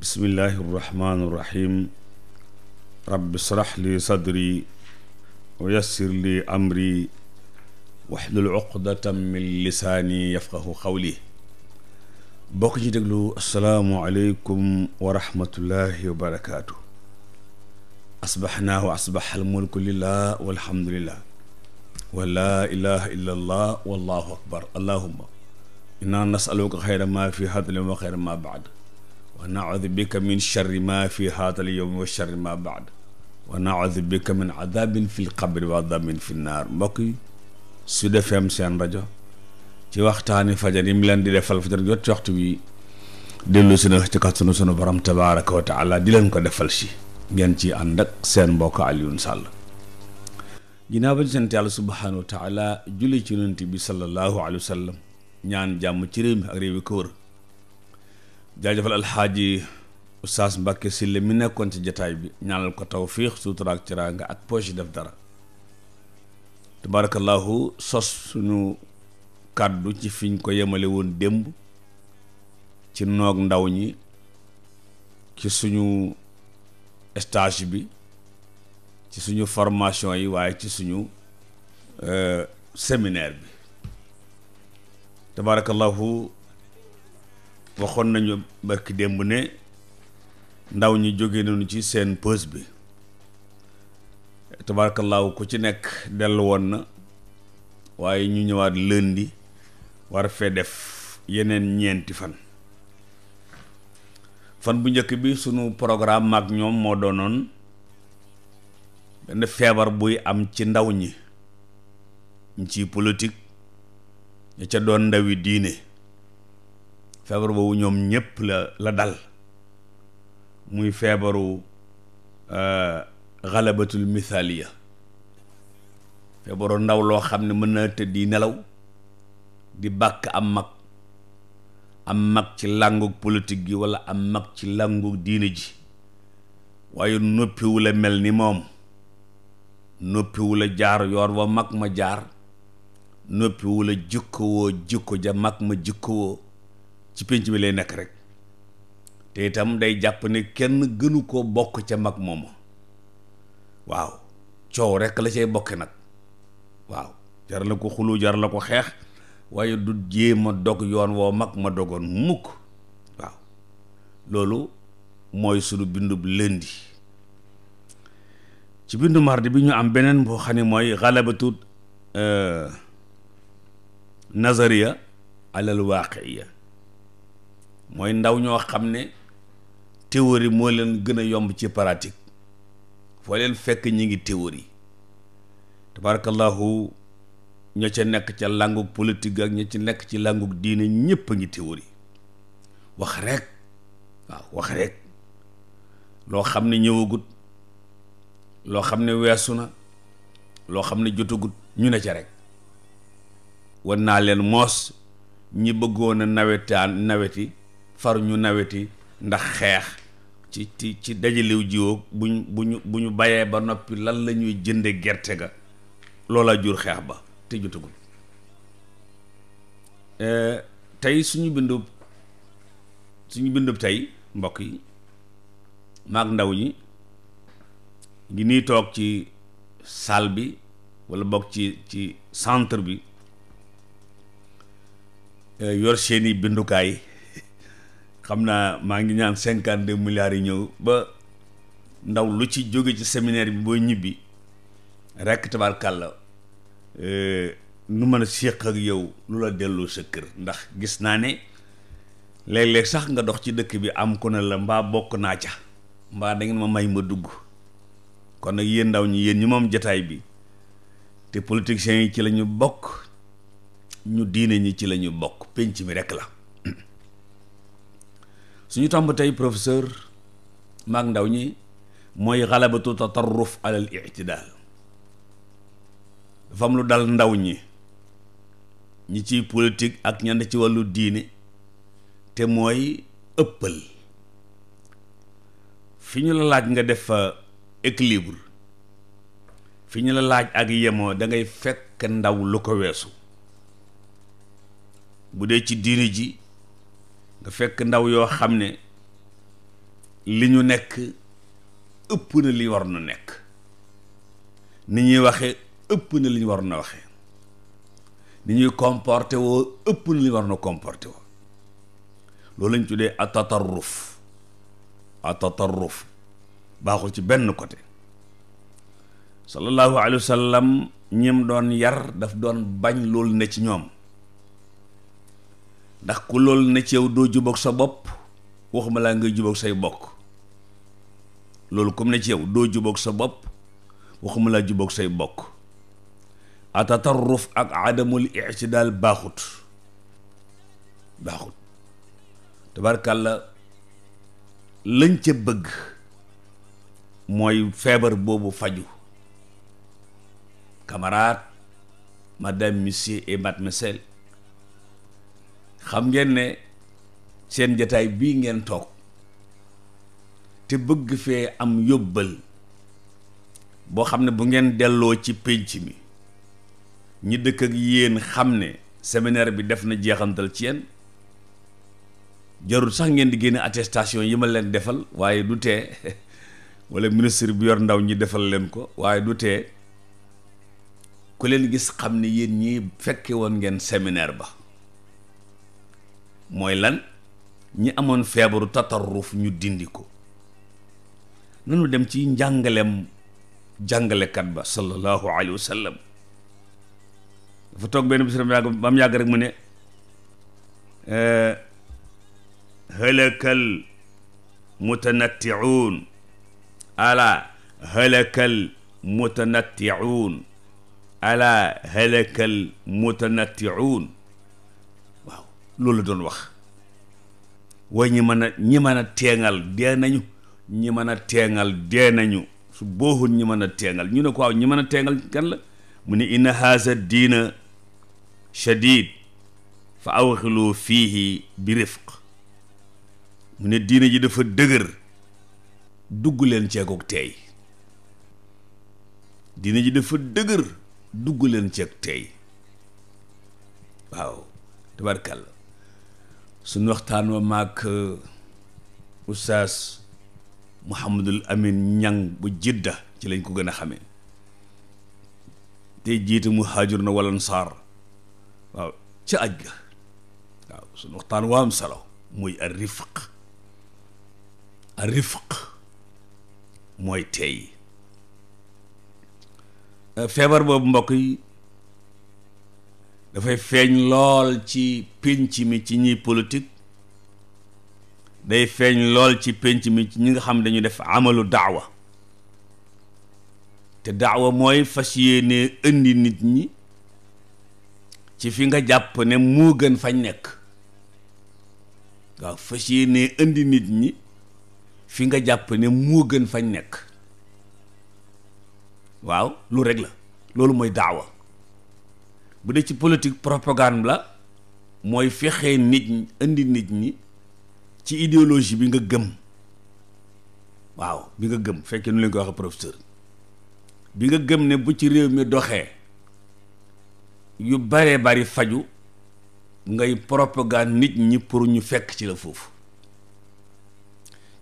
bismillahi irrahmani irrahim rabbi srax li sadri wa yassir li amri waxlul uqdatan min lisaani yafqahu qawli bokk ci déglu asalaamu aleykum wa rahmatullahi wa barakaatu asbaxnaa wa asbax almulku lillah walhamdulillah wa laa ilaha illa allah wallahu akbar allahuma inna nasaluka xayra ma fi hadal wa xayra ma baad wa naudu bika min charri ma fi haatal yowm wa charri ma baad wa naudu bika min adabin fi lqabri wa adabin fi naar mbokk yi Sud FM seen rajo ci waxtaani fajar yi mu leen di defal fajar jot ci waxtu bi dellu si na ci kàttanu sunu borom tabaraka wa di leen ko defal si ngeen ci ànd ak seen mbokk Alioune Sall ginnaaw ba ñu sant yàlla subhaanahu wa taala julli ci yonent bi sallallahu alayhi wa ñaan jàmm ci réew ak réew yi jaajëfal alxaaji oustaz Mbàkke Sille mi nekkoon ci jataay bi ñaanal ko tawfiix sutura ak teraanga ak poche def dara tabaarakallaahu sos suñu kàddu ci fiñ ko yemale woon démb ci noog ndaw ñi ci suñu stage bi ci suñu formation yi waaye ci suñu euh, séminaire bi tabaarakallaahu waxoon nañu barki démb ne ndaw ñi jóge nañu ci seen pause bi tabaarakallaahu ku ci nekk dellu woon na waaye ñu ñëwaat lundi war fee def yeneen ñeenti fan fan bu njëkk bi sunu programme maag ñoom moo doonoon benn feebar buy am ci ndaw ñi ñu ciy politique ña ca doon ndawi diine feebar boobu ñoom ñépp la la dal muy feebaru xalabatul euh, mithaliya feebaru ndaw loo xam ne mën naa tëdd di nelaw di bàkk am mag am mag ci làngug politik gi walla am mag ci làngug diine ji waaye noppiwu la mel ni moom noppiwu la jaar yoon wa mag ma jaar noppiwu la jikko woo ja mag ma jikko ci pénc bi lay nekk rek te itam day jàpp ni kenn gënu ko bokk ca mag mooma waaw coow rekk la cay bokke nag waaw jar la ko xulu jar la ko xeex waaye du jéem a dog yoon woo mag ma dogoon mukk waaw loolu mooy sunu bindu lëndi ci bindu mardi bi ñu am beneen boo xam ne mooy xalabatu euh, nazariya alal ya mooy ndaw ñoo xam ne théorie moo leen gën a yomb ci pratique foo leen fekk ñi ngi théorie tabarakallahu ñoo ca nekk ca langu politik ak ña ci nekk ci langu diine ñépp a ngi théorie wax rek waaw wax rek loo xam ne ñëwagut loo xam ne weesu na loo xam ne jotagut ñu ne ca rekk wan naa leen moos ñi bëggoon a nawetaan naweti faru ñu naweti ndax xeex ci ci ci dajalew jiwoo buñu bu ñu bayee ba noppi lan lañuy ñuy jënde gerte ga loola jur xeex ba te jotagul tey suñu bindub suñu bindu tey mbokk yi maag ndaw ñi ngi nii toog ci salle bi walla bokk ci ci centre bi yor seeni bindukaay xam naa maa ngi ñaan cinquante de milliards yi ñëw ba ndaw lu ci jóge ci séminaire bi boo ñibbi rekk tabarkàlla euh, nu mën a séq ak yow lu la delloo sa kër ndax gis naa ne léeg-léeg sax nga dox ci dëkk bi am ku ne la mbaa bokk naa ca mbaa da ngeen ma may ma dugg kon nag yéen ndaw ñi yéen ñi moom jataay bi te politiciens yi ci lañu ñu bokk ñu diine ñi ci la ñu bokk pénc mi rekk la suñu tomb tey professeur maag ndaw ñi mooy xalabatu tatarruf alal ictidaal dafa am lu dal ndaw ñi ñi ciy politik ak ñenn ci wàllu diini te mooy ëppal fi ñu la laaj nga def fa équilibre fi ñu la laaj ak yemo da ngay fekk ndaw lu ko weesu bu dee ci diine ji nga fekk ndaw yoo xam ne li ñu nekk ëpp na li war na nekk ni ñuy waxee ëpp li ñu war na waxee ni ñuy comporté woo ëpp na li ñu war na comporté woo loolu lañ tuddee a atatarruf baaxul ci benn côté sallallahu alayhi wa sallam ñim doon yar daf doon bañ loolu ne ci ñoom ndax ku loolu na ci yaw doo jubóog sa bopp waxuma laa ngay jubook say bokk loolu comme ne ci yow doo jubóog sa bopp waxuma laa jubóog say bokk atatarruf ak adamul ictidaal baaxut baaxut tabarkàlla lañ ca bëgg mooy feebar boobu faju camarades madame monsieur et mademoiselle xam ngeen ne seen jataay bii ngeen toog te bëgg fee am yóbbal boo xam ne bu ngeen delloo ci pénc mi ñi dëkk ak yéen xam ne séminaire bi def na jeexantal ci yéen jarul sax ngeen di génne attestation yi ma leen defal waaye du tee walla ministre bi yor ndaw ñi defal leen ko waaye du tee ku leen gis xam ne yéen ñii fekke woon ngeen séminaire ba mooy lan ñi amoon feebaru tatarruf ñu dindi ko nanu dem ci njàngalem jàngalekat ba sallallahu alayhi wa sallam dafa toog benn bis yàgg ba mu mu ne eh, halakal mutanattiuun ala halakal mutanattiuun ala halakal mutanattiuun loolu la doon wax waaye ñi mën a ñi mën a teengal dee nañu ñi mën a teengal dee nañu su booxul ñi mën a teengal ñu ne ko waaw ñi mën a teengal kan la mu ne inna haza diina shadid fa awxilu fii bi rifq mu ne diina ji dafa dëgër dugg leen ceekook teey diina ji dafa dëgër dugg leen ceeg teey waaw tabarkàlla suñu waxtaan wa maag euh, oustaz Mouhamadul Amin Ñang bu Jidda ci lañ ko gën a xamee te jiitu mu xaajur na walan saar waaw ca aj ga waaw suñu waxtaan waa am solo muy ar rifq ar rifq mooy tey euh, feebar boobu mbokk yi dafay feeñ lool ci pénc mi ci ñiy politique day feeñ lool ci pénc mi ci ñi nga xam dañu def amalu daawa te daawa mooy fas yéene indi nit ñi ci fi nga jàpp ne mu gën fañ nekk fas yéene indi nit ñi fi nga jàpp ne moo gën fañ nekk waaw lu rek la loolu mooy daawa bu dee ci politique propagande la mooy fexe nit ñi indi nit ñi ci idéologie bi nga gëm waaw bi nga gëm fekkee nu leen ko waxee professeur bi nga gëm ne bu ci réew mi doxee yu baree bari faju ngay propagande nit ñi pour ñu fekk ci la foofu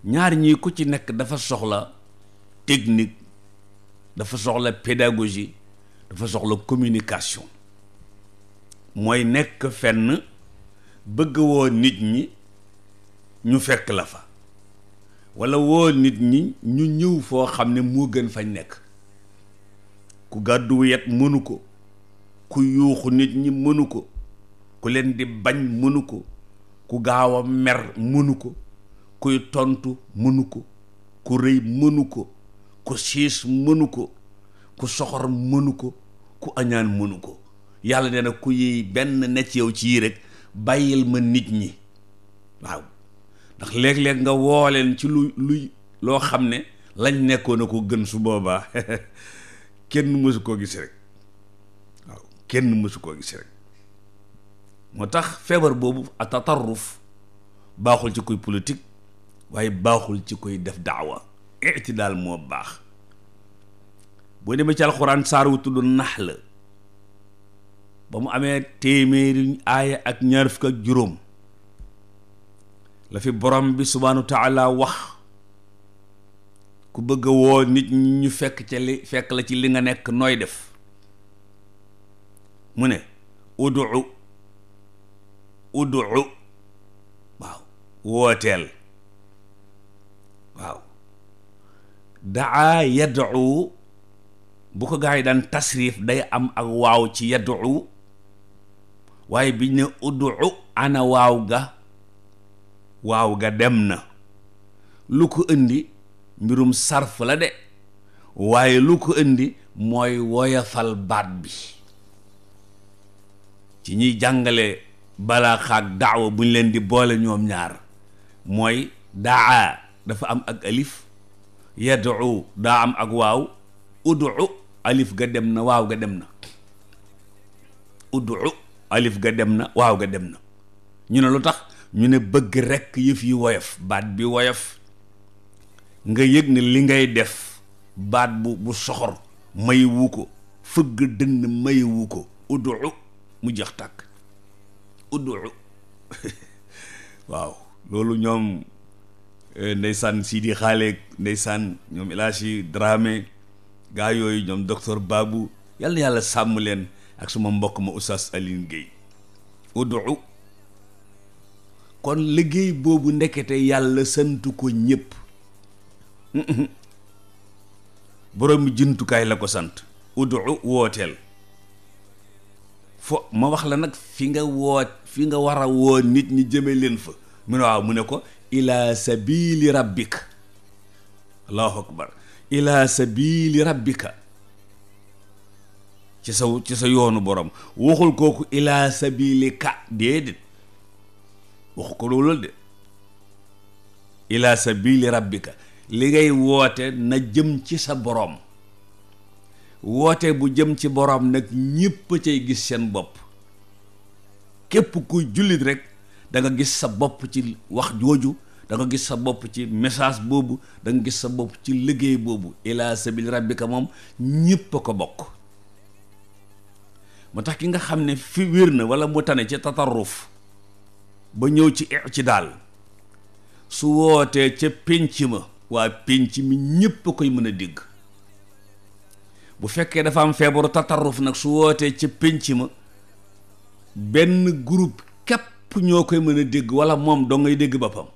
ñaar ñi ku ci nekk dafa soxla technique dafa soxla pédagogie dafa soxla communication mooy nekk fenn bëgg woon nit ñi ñu fekk la fa walla woo nit ñi ñu ñëw foo xam ne moo gën fañ nekk ku gàddu yet mënu ko ku yuuxu nit ñi mënu ko ku leen di bañ mënu ko ku gaaw a mer mënu ko kuy tontu mënu ko ku rëy mënu ko ku siis mënu ko ku soxor mënu ko ku añaan mënu ko yàlla de na ku yi benn necc yow ci yii rek bàyyil ma nit ñi waaw ndax léeg-léeg nga woo leen ci lu luy loo xam ne lañ nekkoon a ko gën su boobaa kenn mësu koo gis rek kenn mësu koo gis moo tax feebar boobu a tatarruf baaxul ci kuy politik waaye baaxul ci koy def daawa daal moo baax boo demee ci alxuraan saar wu tudd nax la ba mu amee téeméeri aaya ak ñaar fukk ak juróom la fi borom bi subhaanahu taala wax ku bëgg a woo nit ñu fekk ca li fekk la ci li nga nekk nooy def mu ne udu udu waaw wooteel waaw daa yadu bu ko gaa yi daan tasrif day am ak waaw ci yadu waaye biñ ne uddu ana waaw ga waaw ga dem na lu ko indi mbirum sarf la de waaye lu ko indi mooy woyafal baat bi ci ñuy jàngale balaa xaak daawa bu ñu leen di boole ñoom ñaar mooy daa dafa am ak alif yadu daa am ak waaw udu alif ga dem na waaw ga dem na udu alif ga dem na waaw ga dem na ñu ne lu tax ñu ne bëgg rekk yëf yi woyof baat bi woyof nga yëg ne li ngay def baat bu bu soxor may ko fëgg dënn may ko uddu mu jeex tàkk uddu waaw loolu ñoom eh, ndeysaan Sidi Xaaleeg ndeysaan ñoom Elaaji drame gaa yooyu ñoom docteur Babou yàlla yàlla sàmm leen ak suma mbokk ma oustaz Aline Gueye udu kon liggéey boobu ndekkete yàlla santu ko ñépp boroomi jumtukaay la ko sant udu wooteel fo ma wax la nag fi nga woot fi nga war a woo nit ñi jëme leen fa mu ne waaw mu ne ko ila sabili rabbika allahu akbar ila sabili rabbika ci sa ci sa yoonu borom waxul kooku ilaa sabilika déedéet waxu ko loolul de ilaa sabili rabbika li ngay woote na jëm ci sa boroom woote bu jëm ci boroom nag ñépp a cay gis seen bopp képp ku jullit rek da gis sa bopp ci wax jooju da gis sa bopp ci message boobu danga gis sa bopp ci liggéey boobu ilaa sabil rabbika moom ñépp a ko bokk moo tax ki nga xam ne fi wér na wala mu tane ci tatarruf ba ñëw ci ci daal su wootee ca pénc ma waa pénc mi ñépp a koy mën a dégg bu fekkee dafa am feebaru tatarruf nag su wootee ca pénc ma benn groupe képp ñoo koy mën a dégg wala moom doo ngay dégg boppam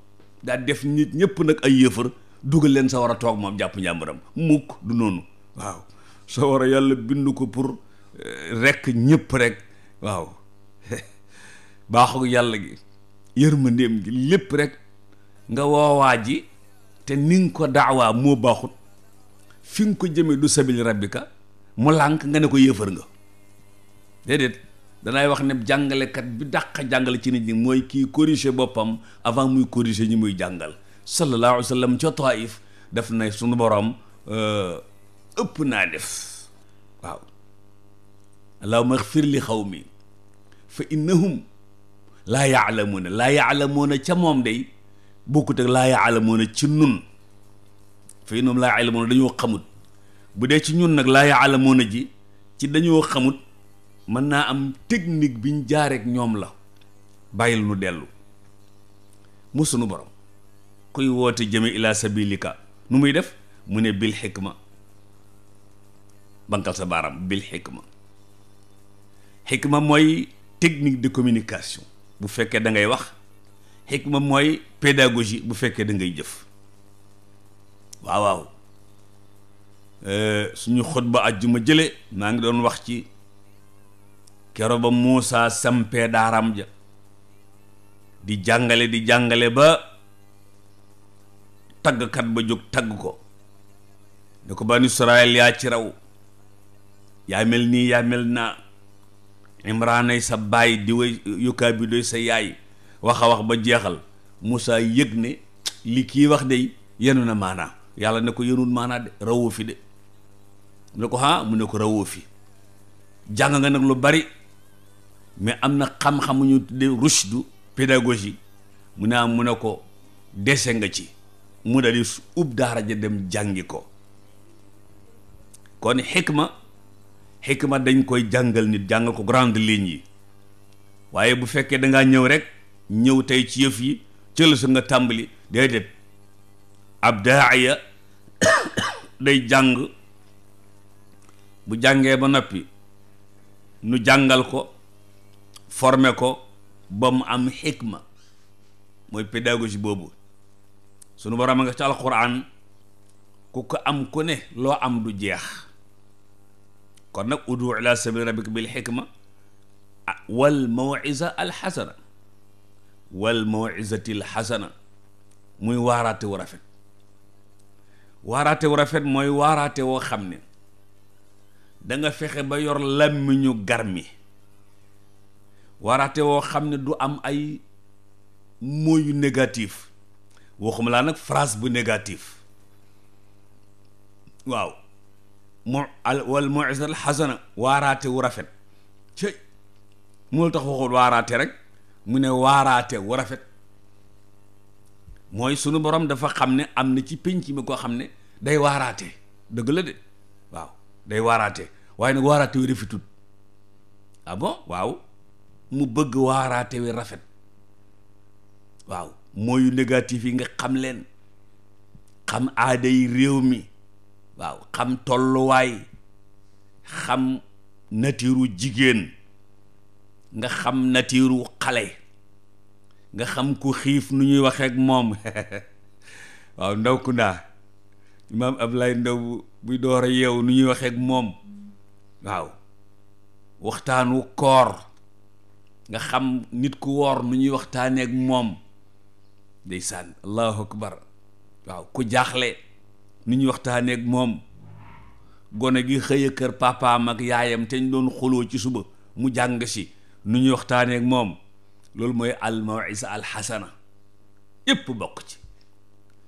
daal def nit ñépp nag ay yëfër dugg leen sa war a toog moom jàpp njàmbaram mukk du noonu waaw sa war a yàlla bind ko pour rekk ñëpp rekk waaw baaxu yàlla gi yërmandeem gi lépp rek nga woowaa ji te ni ko daawaa moo baaxut fi ko jëmee du sabil rabbika mu lànk nga ne ko yëfër nga déedéet danay wax ne jàngalekat bi dàq jàngale ci nit ñi mooy kii corriger boppam avant muy corriger ñi muy jàngal sallallahu alayhi wa sallam ca Taif daf na sunu borom euh, ëpp naa def waaw allahumma xfir li xaw mi fa innahum laa yaalamuuna laa yaalamuuna ca moom day bokkut ak laa yaalamuuna ci nun fa innahum laa yaalamuuna dañoo xamut bu dee ci ñun nag laa a ji ci dañoo xamut mën naa am technique biñ jaareek ñoom la bàyyil nu dellu mu sunu borom kuy woote jëme ila sabilika nu muy def mu ne bil ma bankal sa baaram bil xikma xikma mooy technique de communication bu fekkee da ngay wax xikma mooy pédagogie bu fekkee dangay jëf waaw waaw euh, suñu ba xutba ma jële maa ngi doon wax ci kero ba Muusa sampee daaram ja di jàngale di jàngale ba taggkat ba jóg tagg ko ne ko ban Israel yaa ci raw yaa mel nii yaa mel naa imraanay sa baay di way yukkaa bi doy sa yaay wax wax ba jeexal Moussa yëg ne li kii wax de yenu na maanaa yàlla ne ko yenul maanaa de rawoo fi de mu ne ko ah mu ne ko rawoo fi jàng nga nag lu bari mais am na xam-xamuñu tudde rushdu pédagogie mu ne am mu ne ko dese nga ci mu dal ub daara ja dem jàngi ko kon xikma xikma dañ koy jàngal nit jàngal ko grande ligne yi waaye bu fekkee dangaa ñëw rek ñëw tey ci yëf yi cël nga tàmbali déedéet ab daaya day jàng bu jàngee ba noppi nu jàngal ko forme ko ba mu am xikma mooy pédagogie boobu sunu borom a nga ci alxuraan ku ko am ku ne loo am du jeex kon nag udu ila sabili rabbika bi xikma wal mawisa al wal mawisati l muy waaraate wu rafet waaraate wu rafet mooy waaraate woo xam ne da nga fexe ba yor làmmiñu garmi waaraate woo xam ne du am ay moyu négatif waxuma laa nag phrase bu négatif waaw mu al wal mu'izatul xasana waaraate wu rafet cëy moo tax waxul waaraate rek mu ne waaraate wu rafet mooy sunu borom dafa xam ne am na ci pénc mi koo xam ne day waaraate dëgg la de waaw day waaraate waaye nag waaraate wi rafetul ah waaw mu bëgg waaraate wi rafet waaw mooyu négatif yi nga xam leen xam aada yi réew mi waaw xam tolluwaay xam natiiru jigéen nga xam natiiru xale nga xam ku xiif nu ñuy waxee ak moom waaw ndaw ku naa imaam Ablaye Ndaw buy door a yeew nu ñuy waxee ak moom waaw waxtaanu koor nga xam nit ku woor nu ñuy waxtaanee ak moom ndeysaan allahu akbar waaw ku jaaxle ni ñu waxtaaneek moom gone gi xëy kër papaam ak yaayam te ñu doon xuloo ci suba mu jàng si nu ñuy waxtaaneek moom loolu mooy al mawisa al xasana yépp bokk ci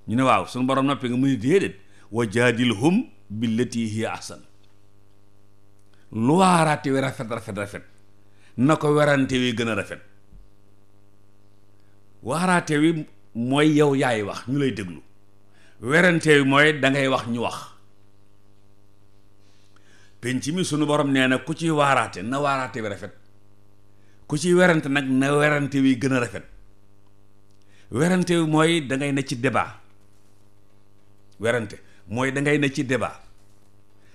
ñu ne waaw suñu borom noppi nga mu ni déedéet wa jaadilhum billati hiya ahsan lu waaraate wi rafet rafet rafet na ko werante wi gën a rafet waaraate wi mooy yow yaay wax ñu lay déglu werante bi mooy da ngay wax ñu wax penc mi sunu borom nee na ku ci waaraate na waaraate bi rafet ku ci werante nag na werante wi gën a rafet werante bi mooy dangay ngay ne ci débat werante mooy da ngay ne ci débat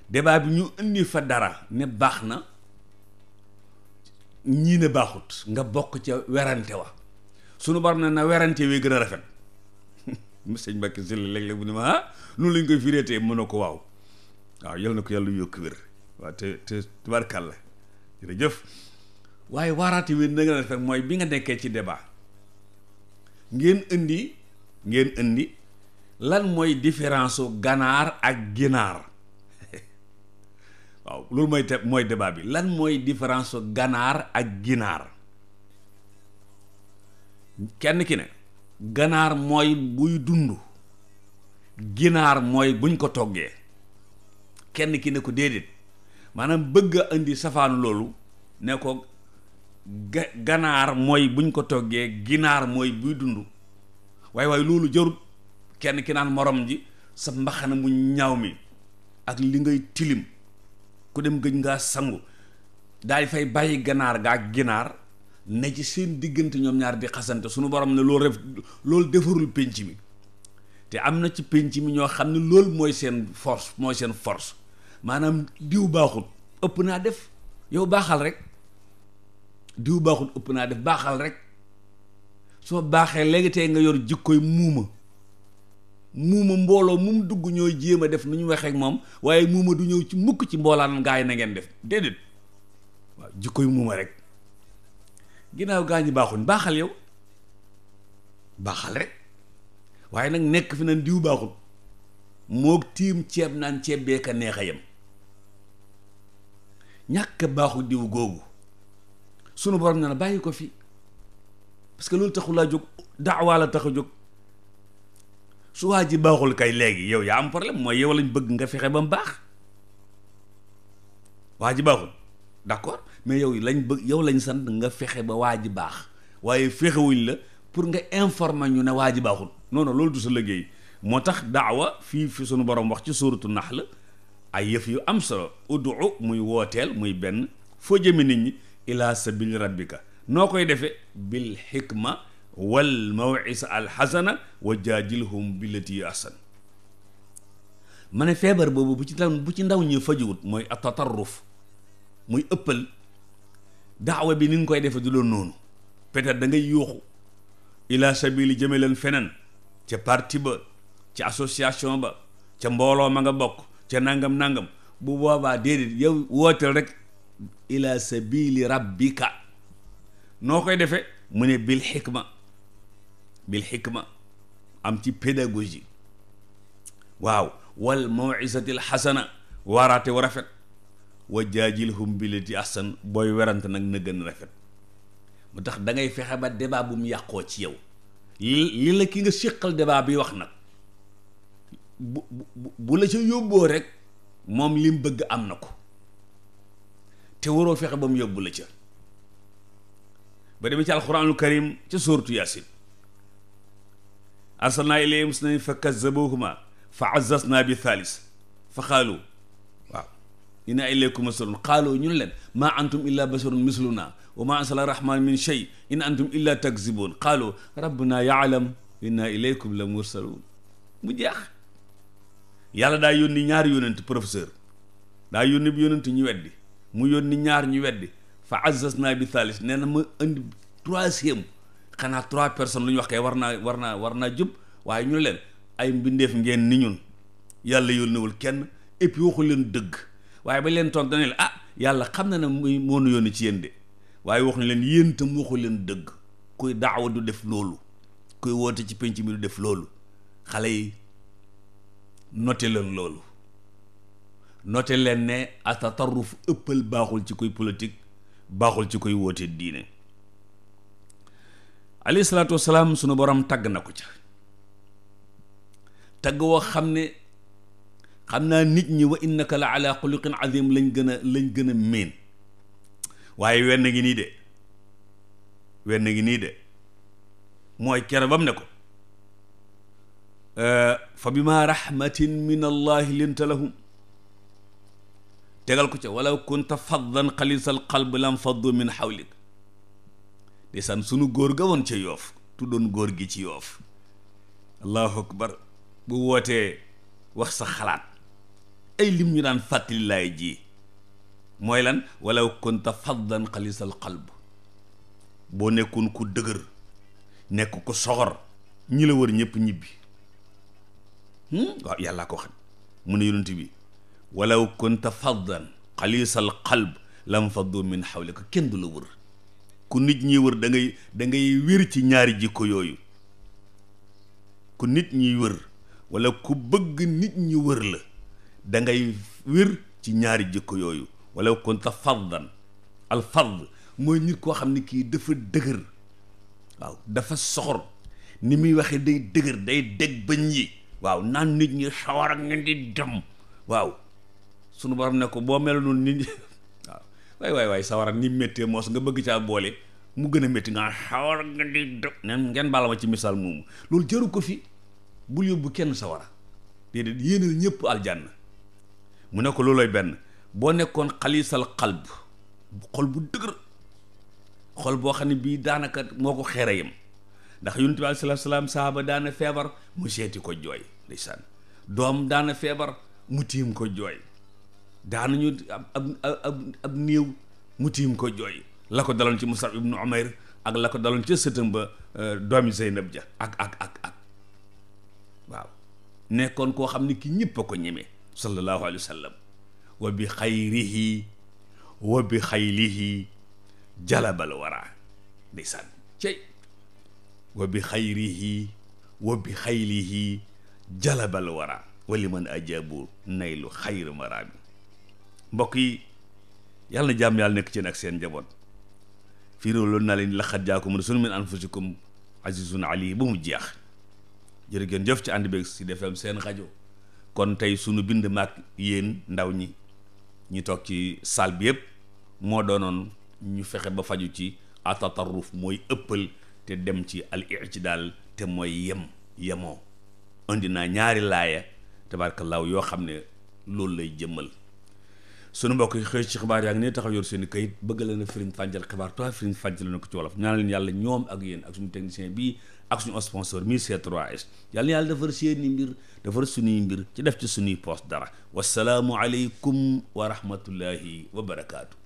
débat bi ñu indi fa dara ne baax na ñii ne baaxut nga bokk ca werante wa sunu borom ne na werante wi gën a rafet mu sëñ Mbacke Sylla léeg-léeg bu ne ma ah noonu lañ koy firéetee mën na ko waaw waaw yal na ko yàlla yokk wér waaw te te tubaarkàlla jërëjëf waaye waaraati wi na nga def mooy bi nga nekkee ci débat ngeen indi ngeen indi lan mooy différence ganaar ak ginaar waaw loolu mooy te mooy débat bi lan mooy différence su ganaar ak ginaar kenn ki ne ganaar mooy buy dund ginaar mooy buñ ko toggee kenn ki ne ko déedéet maanaam bëgg a indi safaan loolu ne ko ganaar mooy buñ ko toggee ginaar mooy buy dund waaye waaye loolu jarut kenn ki naan moroom ji sa mbaxana mu ñaaw mi ak li ngay tilim ku dem gëj nga sangu daal fay bàyyi ganaar gaa ginaar ne ci seen diggante ñoom ñaar di xasante suñu borom ne loolu ref loolu defarul pénc mi te am na ci pénc mi ñoo xam ne loolu mooy seen force mooy seen force maanaam diw baaxul ëpp naa def yow baaxal rek diw baaxul ëpp naa def baaxal rek soo baaxee léegi tey nga yor jikkoy muuma muuma mbooloo mu dugg ñooy jéem a def nu ñu waxee moom waaye muuma du ñëw ci mukk ci mboolaan gaay na ngeen def déedéet waaw jikkoy muuma rek ginnaaw gaa ñi baaxuñ baaxal yow baaxal rek waaye nag nekk fi nan diw baaxul moog tiim ceeb naan ceeb bee a neex a yem ñàkk baaxu diw googu sunu borom na na bàyyi ko fi parce que loolu taxul laa jóg daawaa la tax a jóg su waa ji baaxul kay léegi yow yaa am problème mooy yow lañ bëgg nga fexe ba mu baax waa ji baaxul d'accord mais yow lañ bëgg yow lañ sant nga fexe ba waa ji baax waaye fexewuñ la pour nga informer ñu ne waa ji baaxul non loolu du sa liggéey moo tax daawa fii fi sunu borom wax ci suuratu Nahl ay yëf yu am sa uddu muy wooteel muy benn foo jëme nit ñi ila sabili rabbika noo koy defee bil xikma wal mawisa al xasana wa jaadilhum billati ahsan ma ne feebar boobu bu ci ndaw bu ci ndaw ñi fajuwut mooy atatarruf muy ëppal daawa bi ni nga koy defe du loon noonu peut-être da ngay yuuxu ila sabili jëme leen feneen ca parti ba ca association ba ca mbooloo ma nga bokk ca nangam nangam bu boobaa déedéet yow wooteel rek ila sabili rabbika noo koy defee mu ne bil xikma bil xikma am ci pédagogie waaw wal mawisati l xasana waraate wa rafet wa jaajilhum billati ahsan booy werant nag na gën rafet mu tax dangay fexe ba débat bu mu yàqoo ci yow li li la ki nga siqal débat bi wax nag bu bu la ca yóbboo rek moom lim bëgg am na ko te waroo fexe ba mu yóbbu la ca ba demee ci alxuraanul karim ca sóoratu yaasin arsalnaa ilayhim musnayn fa kazzabuhuma fa azzazna bi thaalis fa xaalu inna ilaykum mursalun qaalu ñun leen maa antum illa basharun misluna wa ma anzala rahman min shay in antum illa takzibun qaalu rabbuna yaalam inna ilaykum la mursalun mu jeex yàlla daa yónni ñaari yónent professeur daa yónni bi yónent ñu weddi mu yónni ñaar ñu weddi fa azzazna bi thalis nee na ma indi troisième xanaa trois personnes lu ñu wax war naa war naa war naa jub waaye ñu leen ay mbindeef ngeen ni ñun yàlla yónniwul kenn et puis waxu leen dëgg waaye ba leen tontu dañ leen ah yàlla xam na ne muy moo nu yónni ci yéen de waaye wax na leen yéen tam waxu leen dëgg kuy daawa du def loolu kuy woote ci penc mi du def loolu xale yi noté leen loolu noté leen ne atatarruf ëppal baaxul ci kuy politique baaxul ci koy woote diine alayhi salaatu wasalaam sunu borom tagg na ko ca tagg woo xam ne xam naa nit ñi wa innaka la ala xuluqin azim lañ gën a lañ gën a meen waaye wenn ngi nii de wenn ngi nii de mooy kere bam ne ko euh, fa bima rahmatin min allahi linta lahum tegal ko ca walaw kunta faddan xalisal qalb lam faddu min xawlik ndeysaan sunu góor ga ce yoof tuddoon góor gi ci yoof allahu akbar bu wootee wax sa xalaat ay lim ñu naan fàttali laay ji mooy lan walaw kunta faddan xalisal xalb boo nekkoon ku dëgër nekk ko soxor ñi la wër ñépp ñibbi hmm? waaw yàllaa ko xam mu ne yonent bi walaw kunta faddan xalisal xalb lam faddu min xawlika kenn du la wër ku nit ñiy wër dangay wiir ci ñaari jikko yooyu ku nit ñiy wër wala ku bëgg nit ñi wër la dangay ngay wér ci ñaari jikko yooyu wala kunta fardan al fard mooy nit koo xam ne kii dafa dëgër waaw dafa soxor ni muy waxee day dëgër day dégg bañ yi waaw naan nit ñi sawar ak ngeen di dem waaw sunu borom ne ko boo mel noonu nit waaw waay waay waay sawara ni méttee moos nga bëgg caa boole mu gën a métti nga sawar ak ngeen di dem nen ngeen baal ci misaal moomu loolu jëru ko fi bul yóbbu kenn sawara déedéet yéenal ñëpp aljanna mu ne ko loolooy benn boo nekkoon xalisal xalb xol bu dëgër xol boo xam ne bii daanaka moo ko xeere yam ndax yonent bi alayhi salaam saaba daana feebar mu seeti ko jooy ndeysaan doom daana feebar mu tiim ko jooy daanañu ab ab ab ko jooy la ko daloon ci Musab ibnu Umayr ak la ko daloon ca sëtam ba euh, doomi Zeynab ja ak ak ak ak waaw nekkoon koo xam ne kii ñëpp a ko ñemee sallallahu alayhi wa sallam wa bi xayrihi wa bi xaylihi jalabal wara ndeysaan cey wa bi xayrihi wa bi xaylihi jalabal wara wali man ajabu naylu xayri maraami mbokk yi yàlla na jàmm yàlla nekk ci ak seen njaboot fii réew loolu naa leen laqad jaakum rasulun min anfusikum azizun ali ba mu jeex jërë ngeen jëf ci ànd beeg si defem seen rajo kon tey sunu bind maag yéen ndaw ñi ñu toog ci salle bi yëpp moo doonoon ñu fexe ba faju ci atatarruf mooy ëppal te dem ci al daal te mooy yem yemoo indi naa ñaari laaya law yoo xam ne loolu lay jëmmal sunu mbokk yi xëy ci xibaar yaa ngi ne taxaw yor seen i kayit bëgg la na firiñ fànjal xibaar toi firiñ fànjal na ko ci wolof ñaanal leen yàlla ñoom ak yéen ak suñu technicien bii ak suñu sponsor mi C3S yàlla na yàlla defar seeni mbir defar suñuy mbir ci def ci suñuy poste dara wasalaamu aleykum wa rahmatullahi wa barakaatu